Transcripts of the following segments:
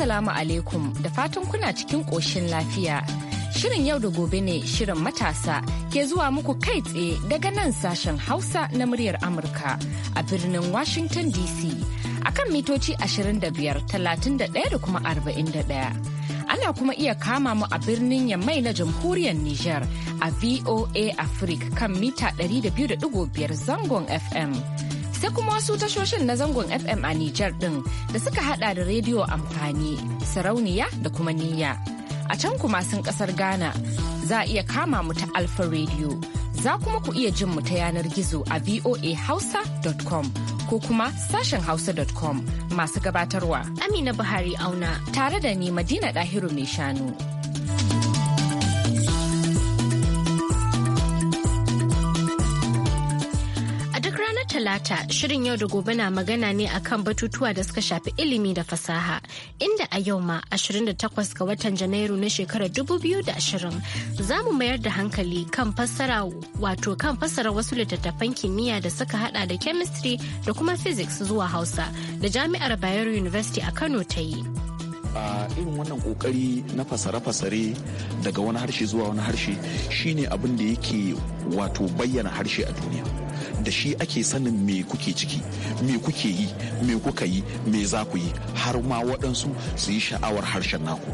Assalamu alaikum da fatan kuna cikin ƙoshin lafiya. Shirin yau da gobe ne shirin matasa ke zuwa muku kai tsaye daga nan sashen Hausa na muryar Amurka a birnin Washington DC akan mitoci 25, 31 da kuma 41. ana kuma iya kama mu a birnin yammai na jamhuriyar Nijar a VOA Africa kan mita 200.5 zangon FM. sai kuma wasu tashoshin na zangon FM a Nijar ɗin da suka hada da rediyo amfani, sarauniya da kuma niyya. A can kuma sun ƙasar Ghana za a iya kama mu ta Alfa rediyo Za kuma ku iya jin mu ta yanar gizo a voahausa.com ko kuma sashen hausa.com masu gabatarwa. Amina Buhari auna tare da ni Madina Dahiru mai shanu. Talata shirin yau da gobe na magana ne akan batutuwa da suka shafi ilimi da fasaha inda a yau ma 28 ga watan Janairu na shekarar 2020 za mu mayar da hankali kan fassara wato kan fassara wasu littattafan kimiyya da suka hada da chemistry da kuma physics zuwa Hausa da Jami'ar Bayero University a Kano ta yi. a irin wannan kokari na fasare-fasare daga wani harshe zuwa wani harshe shine abin da yake wato bayyana harshe a duniya da shi ake sanin me kuke ciki me kuke yi me kuka yi me za ku yi har ma waɗansu su yi sha'awar harshen naku.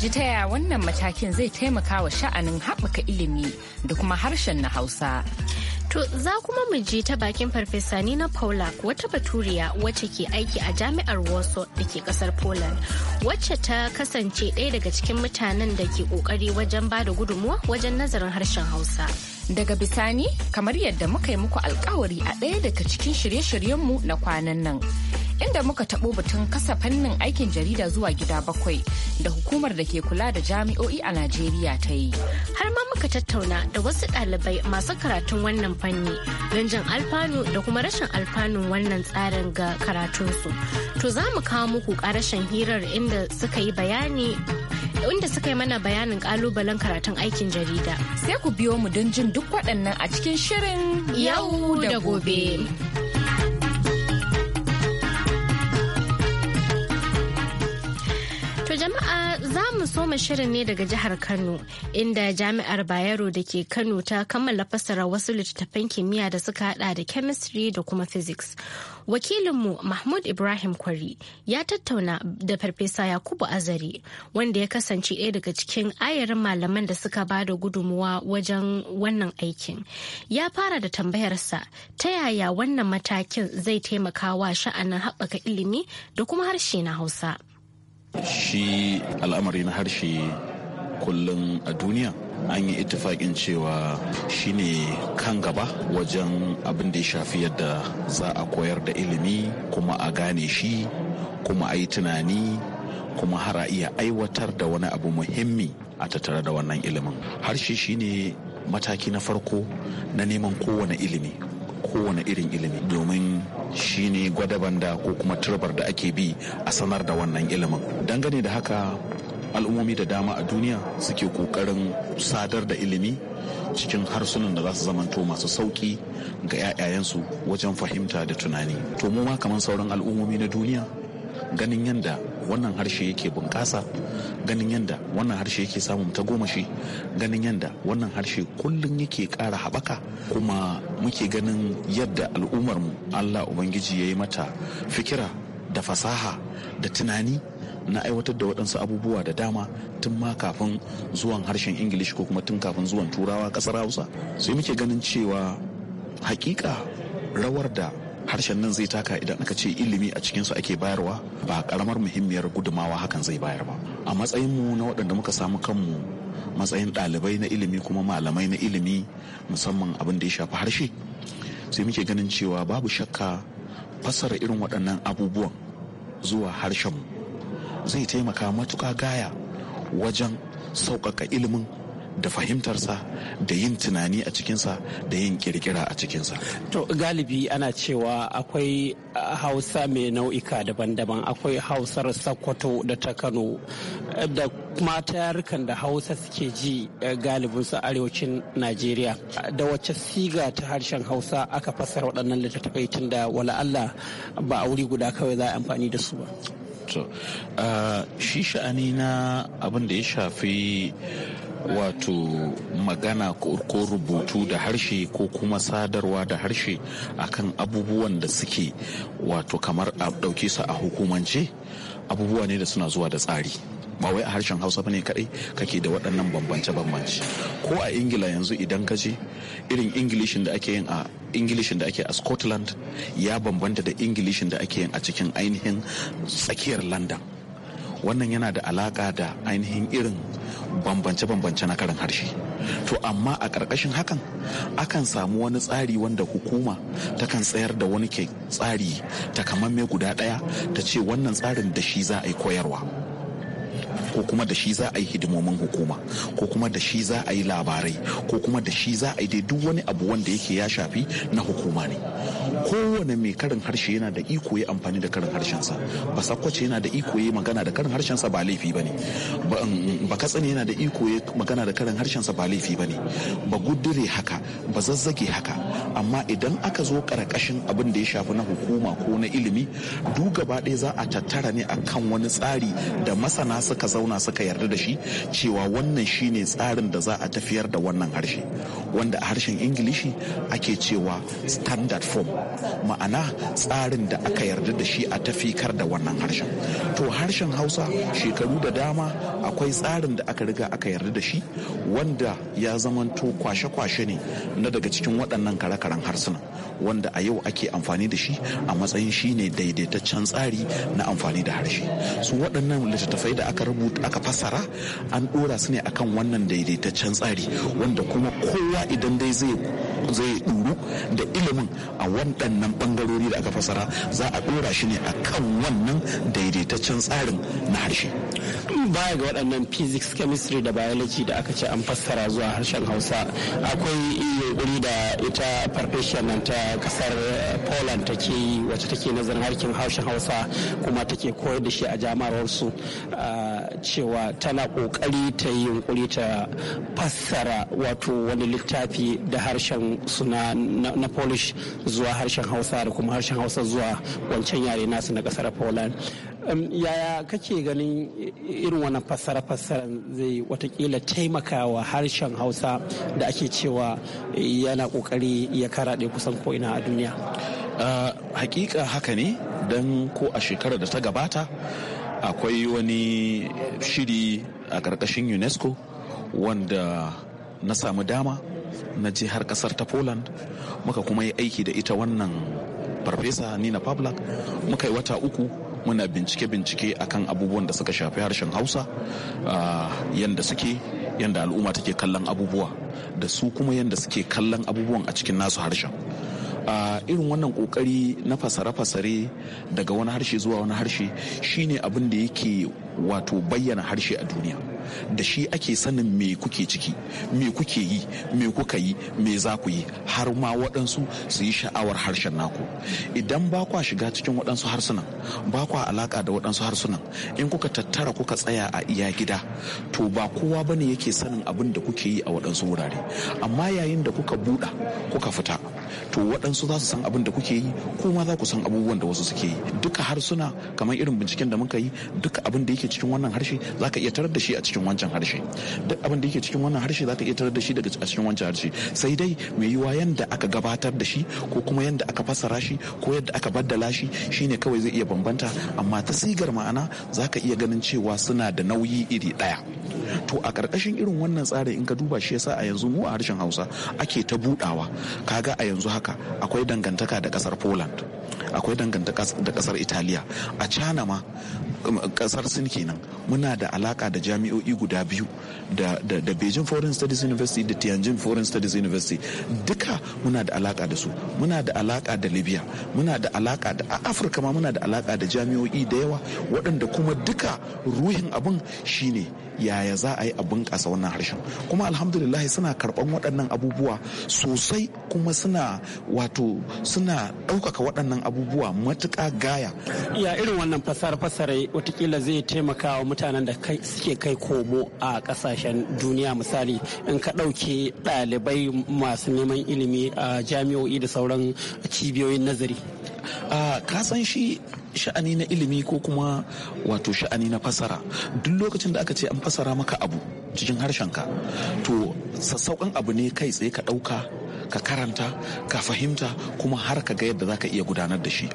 ji ta yaya wannan matakin zai taimaka wa sha'anin haɓaka ilimi da kuma harshen na Hausa. To za kuma mu je ta bakin farfesa Nina Paulak wata baturiya wacce ke aiki a jami'ar Warsaw da ke kasar Poland wacce ta kasance ɗaya daga cikin mutanen da ke ƙoƙari wajen ba da gudunmuwa wajen nazarin harshen Hausa. Daga bisani kamar yadda muka yi muku alkawari a ɗaya daga cikin shirye-shiryenmu na kwanan nan. inda muka taɓo batun kasa fannin aikin jarida zuwa gida bakwai da hukumar da ke kula da jami'o'i a Najeriya ta yi. Har ma muka tattauna da wasu ɗalibai masu karatun wannan fanni don jin alfanu da kuma rashin alfanun wannan tsarin ga karatunsu. To za mu kawo muku ƙarashin hirar inda suka yi bayani inda suka yi mana bayanin kalubalen karatun aikin jarida. Sai ku biyo mu don jin duk waɗannan a cikin shirin yau da gobe. mu soma shirin ne daga jihar Kano, inda jami'ar Bayero da ke Kano ta kammala fassara wasu littattafan kimiyya da suka hada da chemistry da kuma physics. Wakilinmu Mahmud Ibrahim Kwari ya tattauna da Farfesa Yakubu Azari, wanda ya kasance ɗaya daga cikin ayarin malaman da suka ba da gudunmuwa wajen wannan aikin. Ya fara da tambayarsa ta yaya wannan matakin zai taimaka wa sha'anin haɓaka ilimi da kuma harshe na Hausa. shi al'amari na harshe kullum a duniya an yi ittifaƙin cewa shine kan gaba wajen abin da ya shafi yadda za a koyar da ilimi kuma a gane shi kuma a yi tunani kuma har a iya aiwatar da wani abu muhimmi a tattare da wannan ilimin harshe shine mataki na farko na neman kowane ilimi kowane irin ilimi domin shi ne gwadaban da ko kuma turbar da ake bi a sanar da wannan ilimin dangane da haka al'ummomi da dama a duniya suke kokarin sadar da ilimi cikin harsunan da za su zamanto masu sauki ga 'ya'yayensu wajen fahimta da tunani to mu ma kamar sauran al'ummomi na duniya ganin yadda wannan harshe yake bunƙasa ganin yadda wannan harshe yake samun ta goma shi ganin yadda wannan harshe kullum yake ƙara haɓaka kuma muke ganin yadda al'ummar mu allah ubangiji ya yi mata fikira da fasaha da tunani na aiwatar da waɗansu abubuwa da dama tun ma kafin zuwan harshen ingilishi ko kuma tun kafin zuwan turawa ƙasar hausa sai muke ganin cewa hakika rawar da harshen nan zai taka idan aka ce ilimi a cikinsu ake bayarwa ba karamar muhimmiyar gudumawa hakan zai bayar ba a matsayin mu na waɗanda muka samu kanmu matsayin ɗalibai na ilimi kuma malamai na ilimi musamman abin da ya shafi harshe sai muke ganin cewa babu shakka fassara irin waɗannan abubuwan zuwa harshen zai taimaka matuka gaya wajen sauƙaƙa ilimin da fahimtarsa da yin tunani a cikinsa da yin kirkira a cikinsa. To galibi ana cewa akwai hausa mai nau'ika daban-daban akwai hausar Sakkwato da ta Kano eh, da kuma yarukan da hausa suke ji eh, galibin su arewacin Najeriya. Da wacce siga ta harshen hausa aka fasar waɗannan littattafai tun da wala Allah ba a wuri guda kawai za a amfani da su ba. Ah, shi sha'ani na abin da ya shafi wato magana ko rubutu da harshe ko kuma sadarwa da harshe akan abubuwan da suke wato kamar a ɗauke su a hukumance abubuwa ne da suna zuwa da tsari ba wai a harshen hausa bane kadai kake da waɗannan bambance-bambance ko a ingila yanzu idan ka je irin ingilishin da ake yin a ingilishin da ake a scotland ya bambanta da ingilishin da ake yin a cikin ainihin tsakiyar london wannan yana da alaƙa da ainihin irin bambance-bambance na karin harshe to amma a ƙarƙashin hakan akan samu wani tsari wanda hukuma ta kan tsayar da wani ke tsari takamamme guda ɗaya ta ce wannan tsarin da shi za a yi koyarwa ko kuma da shi za a yi hidimomin hukuma ko kuma da shi za a yi labarai ko kuma da shi za a yi dai duk wani abu wanda yake ya shafi na hukuma ne kowane mai karin harshe yana da iko ya amfani da karin harshensa ba sakwace yana da iko ya magana da karin harshensa ba laifi ba ne ba um, katsina yana da iko ya magana da karin harshensa ba laifi ba ne ba guddure haka ba zazzage haka amma idan aka zo karkashin abin da ya shafi na hukuma ko na ilimi duk gaba ɗaya za a tattara ne akan wani tsari da masana suka zama zauna suka yarda da shi cewa wannan shine tsarin da za a tafiyar da wannan harshe wanda a harshen ingilishi ake cewa standard form ma'ana tsarin da aka yarda da shi a tafikar da wannan harshen to harshen hausa shekaru da dama akwai tsarin da aka riga aka yarda da shi wanda ya zamanto kwashe-kwashe ne na daga cikin waɗannan kare-karen harsuna wanda a yau ake amfani da shi a matsayin shi ne daidaitaccen tsari na amfani da harshe su waɗannan littattafai da aka rubuta aka fasara an ɗora su ne akan wannan daidaitaccen tsari wanda kuma kowa idan dai zai zai ɗuru da ilimin a waɗannan ɓangarori da aka fasara za a ɗora shi ne akan wannan daidaitaccen tsarin na harshe. baya ga waɗannan physics chemistry da biology da aka ce an fassara zuwa harshen hausa akwai yunkuri da ita profession nan ta kasar eh, poland take yi wacce take nazarin harkin harshen hausa kuma take koyar da shi a su eh, cewa tana kokari ta yi yunkuri ta fassara wato wani littafi da harshen suna na polish zuwa harshen hausa da kuma harshen hausa zuwa wancan yare nasu na kasar poland yaya kake ganin irin wannan fassara-fassara zai watakila taimakawa harshen hausa da ake cewa eh, yana kokari ya karaɗe kusan ko'ina a duniya hakika haka ne don ko a shekarar da ta gabata akwai wani shiri a ƙarƙashin unesco wanda na samu dama na je har ƙasar ta poland muka kuma yi aiki da ita wannan farfesa nina pavlak muka yi wata uku muna bincike-bincike akan abubuwan da suka shafi harshen hausa yadda suke yadda al'umma take kallon abubuwa da su kuma yadda suke kallon abubuwan a cikin nasu harshen a irin wannan kokari na fasare-fasare daga wani harshe zuwa wani harshe shine abin da yake wato bayyana harshe a duniya da shi ake sanin me kuke ciki me kuke yi me kuka yi me za ku yi har ma waɗansu su yi sha'awar harshen naku idan ba kwa shiga cikin waɗansu harsunan ba kwa alaƙa da waɗansu harsunan in kuka tattara kuka tsaya a iya gida to ba kowa ba ne yake sanin abin da kuke yi a waɗansu wurare amma yayin da kuka buɗa kuka fita to waɗansu za su san abin da kuke yi kuma za ku san abubuwan da wasu suke yi duka harsuna kamar irin binciken da muka yi duka abin da yake cikin wannan harshe za ka iya tarar da shi a cikin wancan harshe duk abin da yake cikin wannan harshe za ka iya tarar da shi daga cikin wancan harshe sai dai mai yiwuwa yanda aka gabatar da shi ko kuma yadda aka fassara shi ko yadda aka baddala shi shine kawai zai iya bambanta amma ta sigar ma'ana za ka iya ganin cewa suna da nauyi iri ɗaya to a ƙarƙashin irin wannan tsarin in ka duba shi yasa a yanzu mu a harshen hausa ake ta budawa kaga a yanzu haka akwai dangantaka da ƙasar poland akwai danganta da kasar italiya a china ma um, kasar sin kenan muna da alaka da jami'o'i guda biyu da, da beijing foreign studies university da tianjin foreign studies university duka muna da alaka da su muna da alaka da libya muna da alaka da afirka ma muna da alaka da jami'o'i da yawa waɗanda kuma duka ruhin abin shine yaya za a yi a bunƙasa wannan harshen kuma alhamdulillah suna karɓan waɗannan abubuwa sosai kuma suna wato suna ɗaukaka waɗannan abubuwa abubuwa matuƙa gaya ya irin wannan fasar fasare watakila zai taimaka wa mutanen da suke kai komo a kasashen duniya misali in ka ɗauke ɗalibai masu neman ilimi a jami'o'i da sauran cibiyoyin nazari ka san shi sha'ani na ilimi ko kuma wato sha'ani na fasara duk lokacin da aka ce an fasara maka abu cikin harshenka to sassauƙan abu ne kai tsaye ka ɗauka ka karanta ka fahimta kuma har ka ga yadda za ka iya gudanar da shi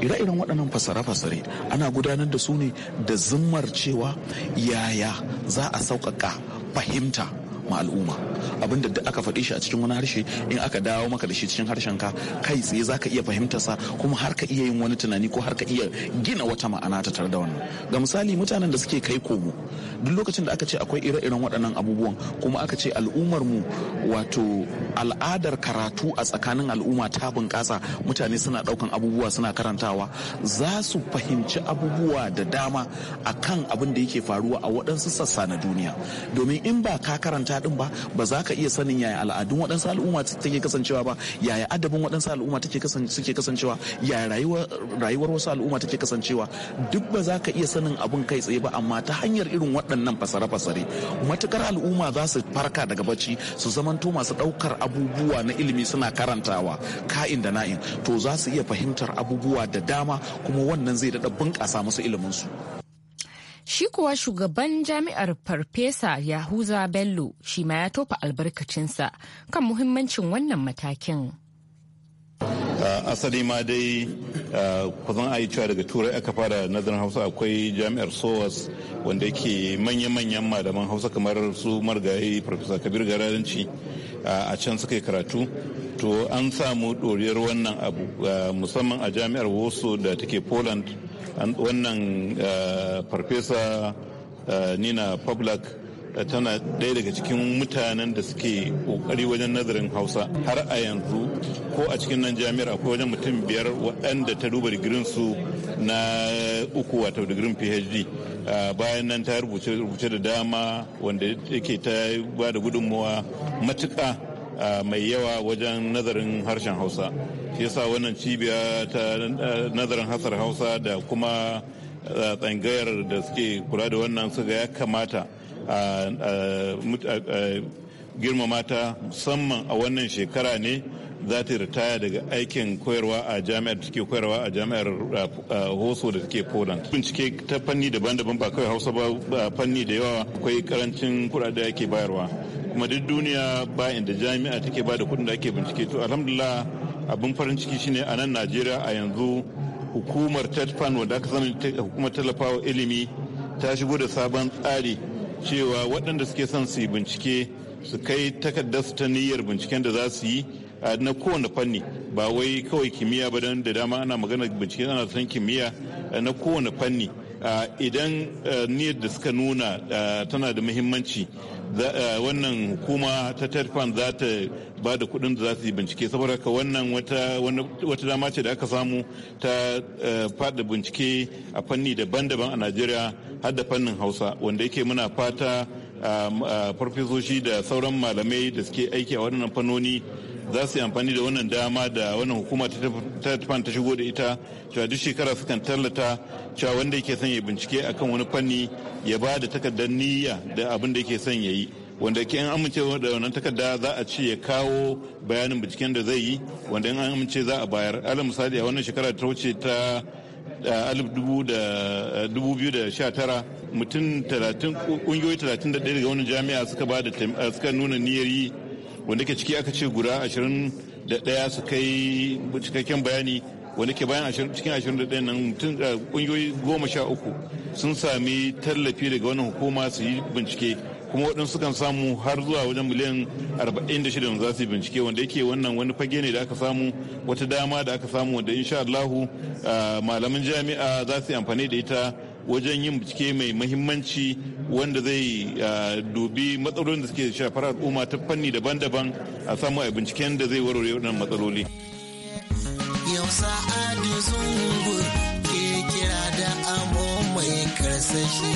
ire-iren waɗannan fasare-fasare ana gudanar da su ne da zimmar cewa yaya za a sauƙaƙa fahimta ma al'umma abinda duk aka faɗi shi a cikin wani harshe in aka dawo maka da shi cikin harshen ka kai tsaye zaka iya fahimtar sa kuma har ka iya yin wani tunani ko har ka iya gina wata ma'ana ta tare da wannan ga misali mutanen da suke kai komo duk lokacin da aka ce akwai ire-iren waɗannan abubuwan kuma aka ce al'ummar mu wato al'adar karatu a tsakanin al'umma ta bunƙasa mutane suna ɗaukan abubuwa suna karantawa za su fahimci abubuwa da dama akan abin da yake faruwa a waɗansu sassa na duniya domin in ba ka karanta din ba ba za ka iya sanin yaya al'adun waɗansu al'umma take kasancewa ba yaya adabin waɗansu al'umma take suke kasancewa yaya rayuwar wasu al'umma take kasancewa duk ba za ka iya sanin abun kai tsaye ba amma ta hanyar irin waɗannan fasare-fasare matukar al'umma za su farka daga bacci su zamanto masu ɗaukar abubuwa na ilimi suna karantawa ka'in da na'in to za su iya fahimtar abubuwa da dama kuma wannan zai daɗa bunƙasa musu iliminsu. su Shi kuwa shugaban jami'ar Farfesa Yahuza Bello shi ma ya tofa albarkacinsa kan muhimmancin wannan matakin. Uh, asali ma dai uh, kusan a yi cewa daga turai aka fara nazarin hausa akwai jami'ar sowas wanda yake manya-manyan malaman hausa kamar su margayi farfesa kabir garanci a can suka yi karatu to an samu ɗoriyar wannan abu musamman a jami'ar woso da take poland wannan farfesa nina public. Eh, tana ɗaya daga cikin mutanen da suke ƙoƙari wajen nazarin hausa har a yanzu ko a cikin nan jami'ar akwai wajen mutum biyar waɗanda ta duba digirin su na uku wata digirin phd eh, bayan nan ta rubuce da dama wanda yake ta ba da gudunmawa matuƙa eh, mai yawa wajen nazarin harshen hausa shi yasa wannan cibiya ta nazarin hasar hausa da kuma tsangayar da suke kula da wannan suga ya kamata a girmama ta musamman a wannan shekara ne za ta ritaya daga aikin koyarwa a jami'ar da take koyarwa a jami'ar hoso da take poland bincike ta fanni daban-daban ba kawai hausa ba fanni da yawa akwai karancin kudade ake bayarwa kuma duk duniya ba inda jami'a take ba da kuɗin da ake bincike to alhamdulillah abin farin ciki shine a nan najeriya a yanzu hukumar tetfan wanda aka sani hukumar tallafawa ilimi ta shigo da sabon tsari cewa waɗanda suke son su yi bincike su kai takardar su ta niyyar binciken da za su yi na kowane fanni ba wai kawai kimiyya ba don da dama ana magana bincike ana son kimiyya na kowane fanni idan niyyar da suka nuna tana da muhimmanci Eh, wannan hukuma ta tarfan za ta ba da kuɗin da za su yi bincike saboda haka wannan wata dama ce da aka samu ta eh, fada bincike a fanni daban-daban a najeriya har da fannin hausa wanda yake muna fata eh, farfesoshi da sauran malamai da suke aiki a waɗannan fannoni za su yi amfani da wannan dama da wannan hukuma ta tafan ta shigo da ita cewa duk shekara sukan tallata cewa wanda yake son ya bincike akan wani fanni ya ba da takardar niyya da abin da yake son ya yi wanda ke an amince da wannan takarda za a ce ya kawo bayanin binciken da zai yi wanda in an amince za a bayar alal misali a wannan shekara ta wuce ta 2019 mutum 30 kungiyoyi 31 daga wani jami'a suka ba da suka nuna niyyar yi wanda ke ciki aka ce guda ashirin da ɗaya su kai cikakken bayani wanda ke bayan cikin ashirin da ɗaya nan eh, ƙungiyoyi goma sha uku sun sami tallafi daga wannan hukuma su yi bincike kuma waɗansu kan samu har zuwa wajen miliyan 46 za su yi bincike wanda yake wannan wani fage ne da aka samu wata dama da aka samu wanda insha Allahu eh, malaman jami'a za su yi amfani da ita wajen yin bincike mai mahimmanci wanda zai ah, dubi matsalolin da suke shafar al'umma ta fanni daban-daban a samu a binciken da zai warware waɗannan matsaloli. Yau sa'adu zungur ke kira da amo mai karsashi.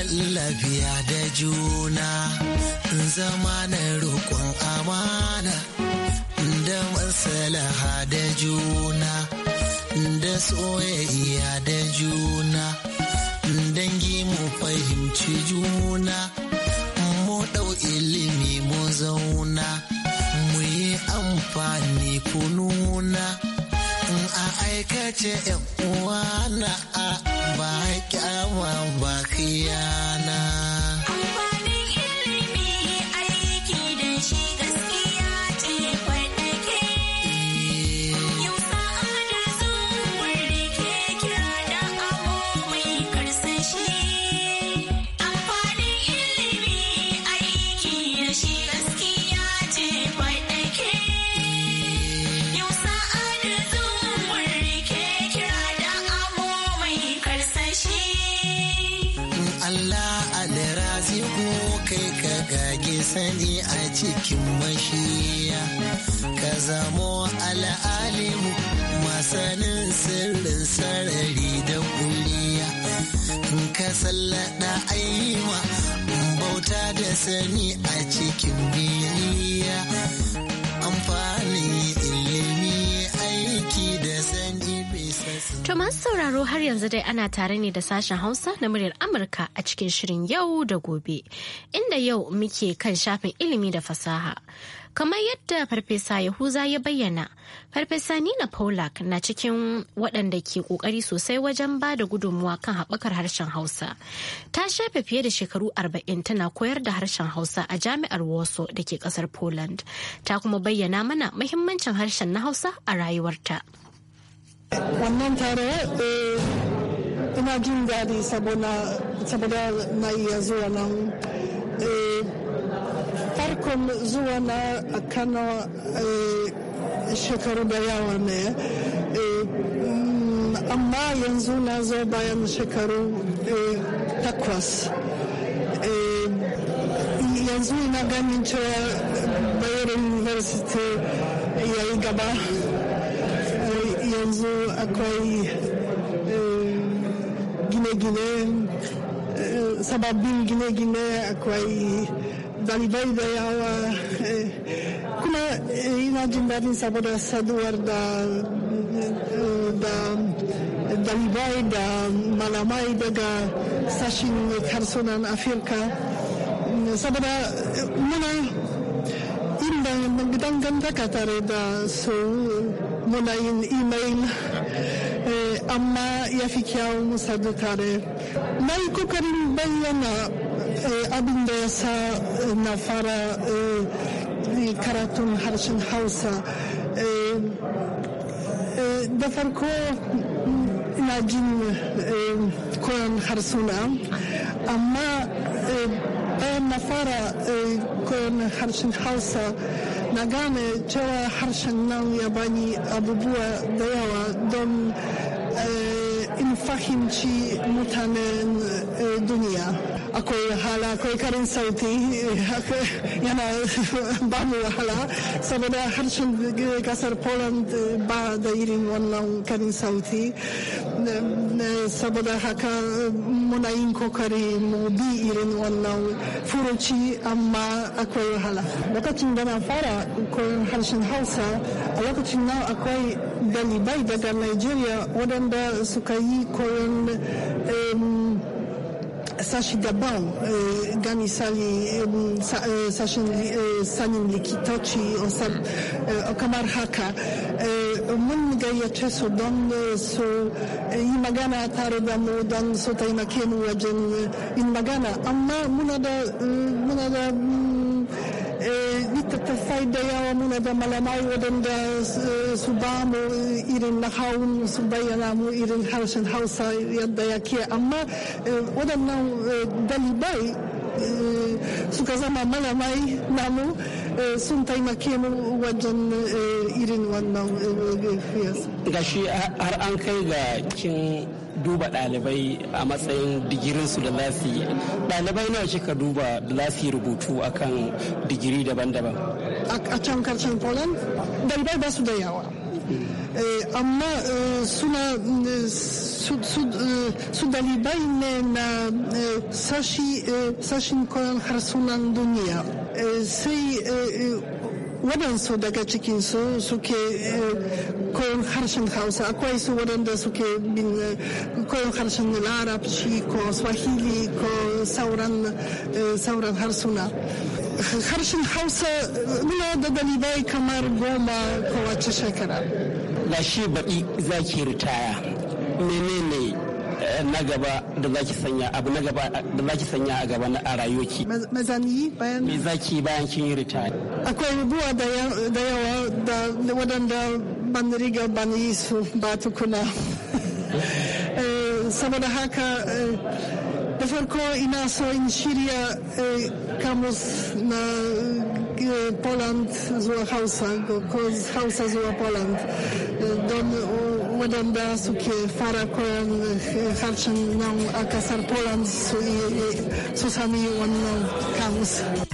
Eh, lafiya da juna zama na roƙon amana da masalaha da juna da soyayya da juna dangi mu fahimci juna mu ɗau ilimi mu zauna mu yi amfani kununa in a aikace yan uwa na a ba kyawa ba khiyana. sani a cikin mashiya ka zamo al'alimu masanin sirrin sarari da kuliya in ka sallada ayyuma bauta da sani a cikin biyayya To masu sauraro har yanzu dai ana tare ne da sashen Hausa na muryar Amurka a cikin shirin yau da gobe, inda yau muke kan shafin ilimi da fasaha. Kamar yadda Farfesa Yahuza ya bayyana, Farfesa Nina Paulak na cikin waɗanda ke ƙoƙari sosai wajen ba da gudunmuwa kan haɓakar harshen Hausa. Ta shafe fiye da shekaru arba'in tana koyar da harshen Hausa a Jami'ar Warsaw da ke ƙasar Poland. Ta kuma bayyana mana muhimmancin harshen na Hausa a rayuwarta. Wannan taro eh, ina jin daɗi saboda na iya zuwa nan. Eh, farkon zuwa na a Kano eh, shekaru da yawa ne. Mm, amma yanzu na zo bayan shekaru takwas. Yanzu ina ganin cewa Bayer University ya yi gaba. yanzu akwai eh, gine-gine eh, sababbin gine-gine akwai dalibai da yawa eh, kuma ina jin daɗin saboda saduwar da dalibai da malamai daga sashin harsunan afirka saboda muna inda dangantaka tare da su molim e-mail, amma yafi kyawun sadukare. Na yi kokarin bayyana abin da ya sa na fara karatun harshen Hausa. Da farko ina jin koyon harsuna, amma bayan na fara koyon harshen Hausa. na gane cewa harshen nan ya bani abubuwa da yawa don e, in fahimci mutanen e, duniya. akwai wahala akwai karin sauti yana ba mu wahala saboda harshen kasar poland ba da irin wannan karin sauti saboda haka muna yin kokari mu bi irin wannan furuci amma akwai wahala lokacin da na fara koyon harshen hausa a lokacin nan akwai dalibai daga nigeria waɗanda suka yi koyon eh, sashi daban y, Sali, y, Sashin, y, sanin likitoci Okamar haka mun gayyace su don su Imagana magana don su taimake mu wajen yin magana Munada, muna da littattafai da yawa muna da malamai waɗanda su ba mu irin nahawun su bayyana mu irin harshen hausa yadda yake amma waɗannan dalibai suka zama malamai namu sun taimake mu wajen irin wannan fiyas. gashi har an kai ga kin duba ɗalibai a matsayin digirinsu da za yi ɗalibai nawa kika duba da za rubutu akan digiri daban-daban a can karshen poland ɗalibai ba su da yawa eh, amma eh, suna eh, su dalibai ne na sashin koyon harsunan duniya sai waɗansu daga cikinsu suke koyon harshen hausa akwai su waɗanda suke bin eh, koyon harshen larabci ko swahili ko sauran eh, harsuna harshen hausa eh, muna da dalibai kamar goma ko kowace shekara gashi baɗi za ki ritaya menene na gaba da zaki sanya abu na gaba da zaki sanya a gaba a rayuwarki. Mazani bayan? Me zaki bayan kin yi ritaya? Akwai rubuwa da yawa da waɗanda Banriga, Banisu, Batukuna. Eh, saboda haka da eh, farko ina so in shirya eh, kamus na Poland zua Hausa ko Hausa zua Poland don waɗanda suke fara koyon harshen nan a kasar Poland su sami wannan kamus.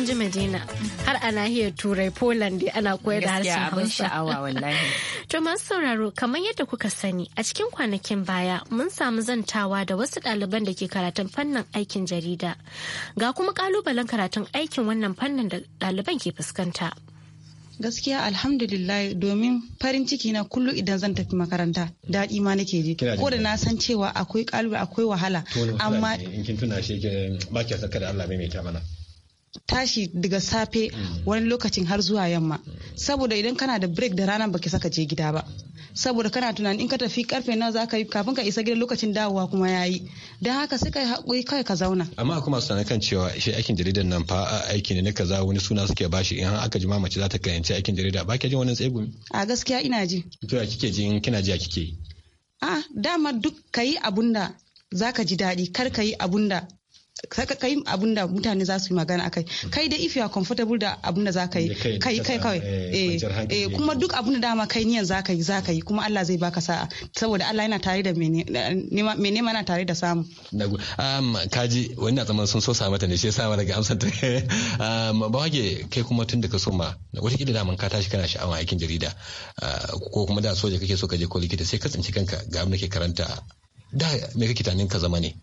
kin ji Madina har a nahiyar Turai Poland ana koyar da harshen Hausa. Gaskiya sha'awa wallahi. To masu sauraro kamar yadda kuka sani a cikin kwanakin baya mun samu zantawa da wasu ɗaliban da ke karatun fannin aikin jarida. Ga kuma kalubalen karatun aikin wannan fannin da ɗaliban ke fuskanta. gaskiya alhamdulillah domin farin ciki na kullum idan zan tafi makaranta daɗi ma nake je ko da na san cewa akwai kalubale akwai wahala amma in kin tuna shi ba ki Allah mai mai mana tashi daga safe mm. wani lokacin har zuwa yamma saboda idan kana da break da rana baki saka je gida ba saboda kana tunanin in ka tafi karfe nawa za ka yi kafin ka isa gida lokacin dawowa kuma ya yi don haka sai ka haƙuri kai ka zauna. amma kuma su kan cewa shi aikin jaridar nan fa aiki ne na kaza wani suna suke bashi in aka ji mace za ta kayanci aikin jarida ba ke jin wani tsegumi. a gaskiya ina ji. to ya kike ji kina ji ya kike yi. a dama duk ka yi zaka za ka ji daɗi kar ka yi kai abun da mutane za su yi magana akai kai dai if you are comfortable da abun da ka yi kai kai kawai eh, eh, eh kuma duk abun da dama kai niyan za ka yi za ka yi kuma Allah zai baka sa'a saboda Allah yana tare da mene nema na tare da samu um kaji na zaman sun so sa mata ne shi yasa ma ga amsar ta um ba wage kai kuma tun da ka so ma wata kila da man ka tashi kana sha'awar aikin jarida uh, ko kuma da soja kake so ka je ko likita sai ka tsinci kanka ga abin da ke karanta da me kake tunanin ka zama ne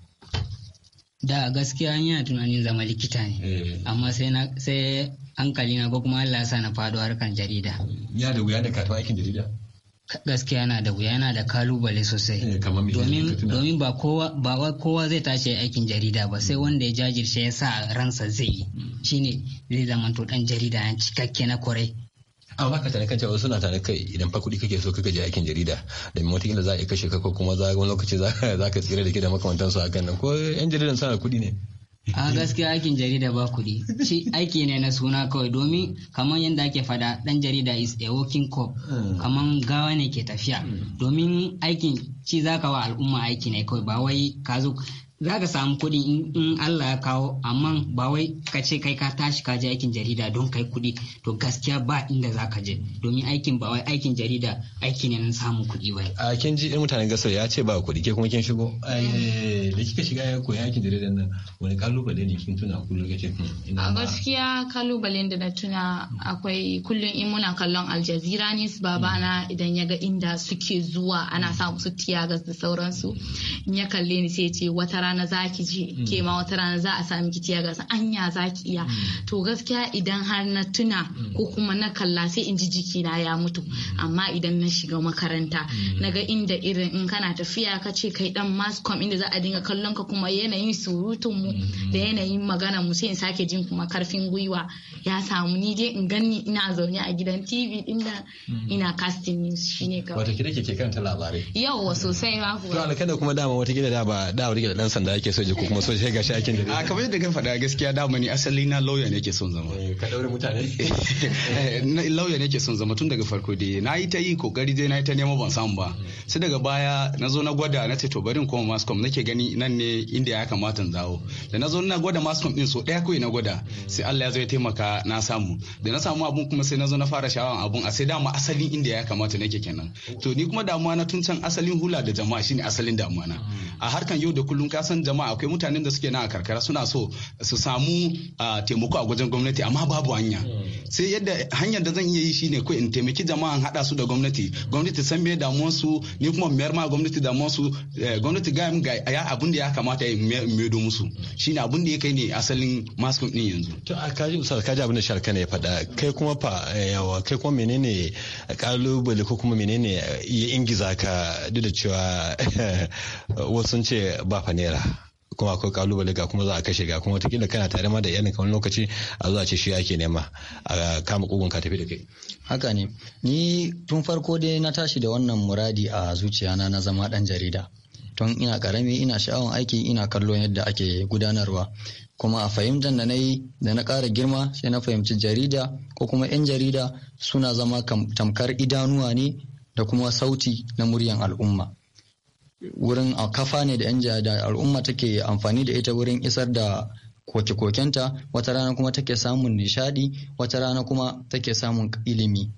da gaskiya yana tunanin zama likita ne eh. amma sai hankali na ko kuma Allah sa na fado harkan jarida ya da wuya da aikin jarida gaskiya na da wuya yana da kalubale sosai eh, domin ba kowa zai tashi aikin jarida ba sai hmm. wanda ya jajirce ya sa ransa zai yi hmm. shine zai zama to dan jarida cikakke na kwarai amma ka tana kan cewa wasu suna tana kai idan fa kuɗi kake so kaka je aikin jarida da mai wata za a kashe ka ko kuma za wani lokaci za ka tsira da ke da makamantansu a kan nan ko yan jaridan suna kuɗi ne a gaskiya aikin jarida ba kuɗi shi aiki ne na suna kawai domin kamar yadda ake fada ɗan jarida is a walking cop hmm. kamar gawa ne ke tafiya hmm. domin aikin ci zaka wa al'umma aiki ne kawai ba wai ka zo za ka samu kuɗi in Allah ya kawo amma ba wai ka ce kai ka tashi ka je aikin jarida don kai kuɗi to gaskiya ba inda za ka je domin aikin ba wai aikin jarida aiki ne na samun kuɗi ba. A kin ji irin mutanen gasar ya ce ba kuɗi ke kuma kin shigo. Mm. Eh, da kika shiga ya koyi aikin jaridan nan wani kalubale ne kin tuna kullum kake ina. A gaskiya kalubalen da na tuna akwai kullum in muna kallon Al Jazeera News babana mm. idan ya ga inda suke zuwa ana sa musu tiyagas da sauransu in ya kalle ni sai ya ce wata rana za ki je mm. ke ma wata rana za a sami ki tiya gasa anya za ki iya mm. to gaskiya idan har na tuna mm. ko kuma na kalla sai in ji jikina ya mutu amma idan na shiga makaranta na ga inda irin in kana tafiya ka ce kai dan mascom inda za a dinga kallon ka kuma yanayin surutun mu da yanayin magana mu sai in sake jin kuma karfin gwiwa ya samu ni dai in gani ina zaune a gidan TV din ina casting news shine kawai wato kike ke kanta labarai yawa sosai ba kuwa to alkada kuma dama wata gida da ba da rike da dan sanda yake so je ko kuma soja gashi aikin da a kamar yadda kan faɗa gaskiya da mani asali na lauya ne ke son zama eh, ka daure mutane lauya ne ke son zama tun daga farko dai na yi ta yi kokari dai na yi ta nemo ban samu ba sai daga baya na zo na gwada na ce to barin koma mascom nake gani nan ne inda ya kamata in dawo da na zo na gwada mascom din so ɗaya kawai na gwada sai Allah ya zo ya taimaka na samu da na samu abun kuma sai na zo na fara sha'awan abun a sai dama asalin inda ya kamata nake kenan to ni kuma damuwa na tun can asalin hula da jama'a shine asalin damuwa na a harkan yau da kullum ka san jama'a akwai mutanen da suke na a karkara suna so su samu taimako a gwajin gwamnati amma babu hanya hmm. sai yadda hanyar da zan iya yi shine ko in taimaki jama'an hada su da gwamnati gwamnati san me damuwar su ni kuma mayar ma gwamnati damuwar su eh, gwamnati ga ga ya abin da ya kamata ya maido musu shine abin da ya kai ne asalin maskin din yanzu to a kaji usar kaji abin da sharka ne ya faɗa kai kuma fa eh, yawa kai kuma menene kalubale ko kuma menene ya ingiza ka duk da cewa wasu ce ba fa naira kuma akwai kalubale ga kuma za a kashe ga kuma watakila kana tare ma da iyalin kamar lokaci a zuwa ce shi ake nema a kama kugun ka tafi da kai. Haka ne, ni tun farko dai na tashi da wannan muradi a zuciyana na zama ɗan jarida. Tun ina karami ina sha'awan aiki ina kallo yadda ake gudanarwa. Kuma a fahimtar da na yi da na ƙara girma sai na fahimci jarida ko kuma 'yan jarida suna zama tamkar idanuwa ne da kuma sauti na muryan al'umma. wurin a kafa ne da yan da al'umma take amfani da ita wurin isar da koke-kokenta wata rana kuma take samun nishadi wata rana kuma take samun ilimi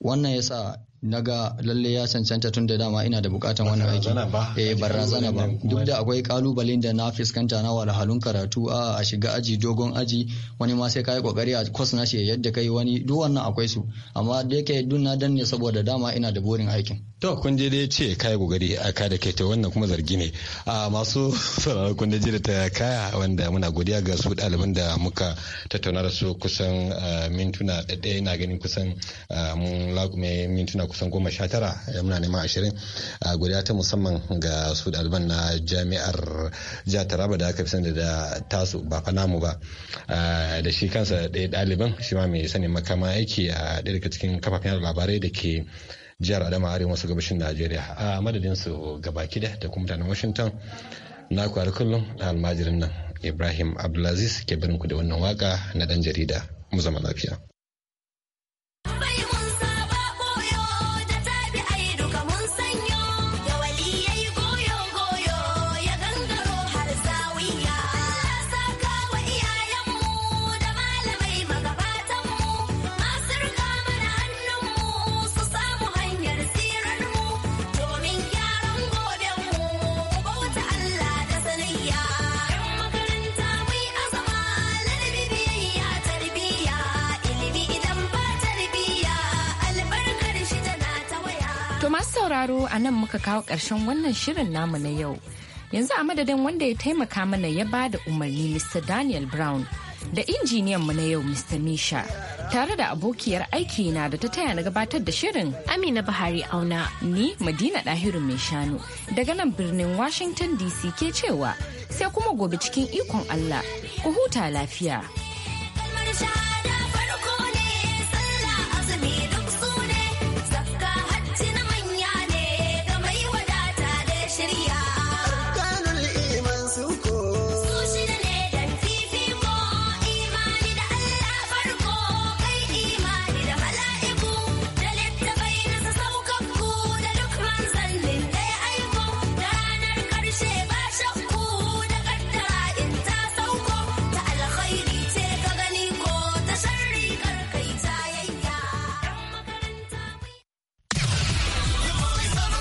wannan yasa naga lalle ya cancanta tun da dama ina da bukatan wannan aiki eh barazana ba eh, duk da akwai kalubalen da na fuskanta na walhalun karatu a a shiga aji dogon aji wani ma sai kai kokari a course na shi yadda kai wani duk wannan akwai su amma da yake dun na danne saboda dama ina da burin aikin to kun je dai ce kai kokari a ka da kai to wannan kuma zargi ne a masu sauraron kun je da ta kaya wanda muna godiya ga su ɗaliban da muka tattauna da su kusan mintuna ɗaya ina ganin kusan mun lagume mintuna kusan goma sha tara eh, muna neman ashirin a guda ta musamman ga su ɗaliban na jami'ar jihar taraba da aka fi sani da tasu ba fa namu ba da shi kansa ɗaya ɗaliban shi ma mai sani makama aiki a ɗaya daga cikin kafafen labarai da ke jihar adama arewa masu gabashin najeriya a madadin su gabaki da da kuma mutanen washington na kwari kullum almajirin nan ibrahim abdulaziz ke birinku da wannan waka na dan jarida mu zama lafiya sauraro a nan muka kawo ƙarshen wannan shirin namu na yau. Yanzu a madadin wanda ya taimaka mana ya ba da umarni Mr. Daniel Brown da injiniyan mu na yau Mr. Misha tare da abokiyar aiki na da ta taya na gabatar da shirin Amina bahari Auna ni Madina Dahiru mai shanu daga nan birnin Washington DC ke cewa sai kuma gobe cikin ikon Allah ku huta lafiya.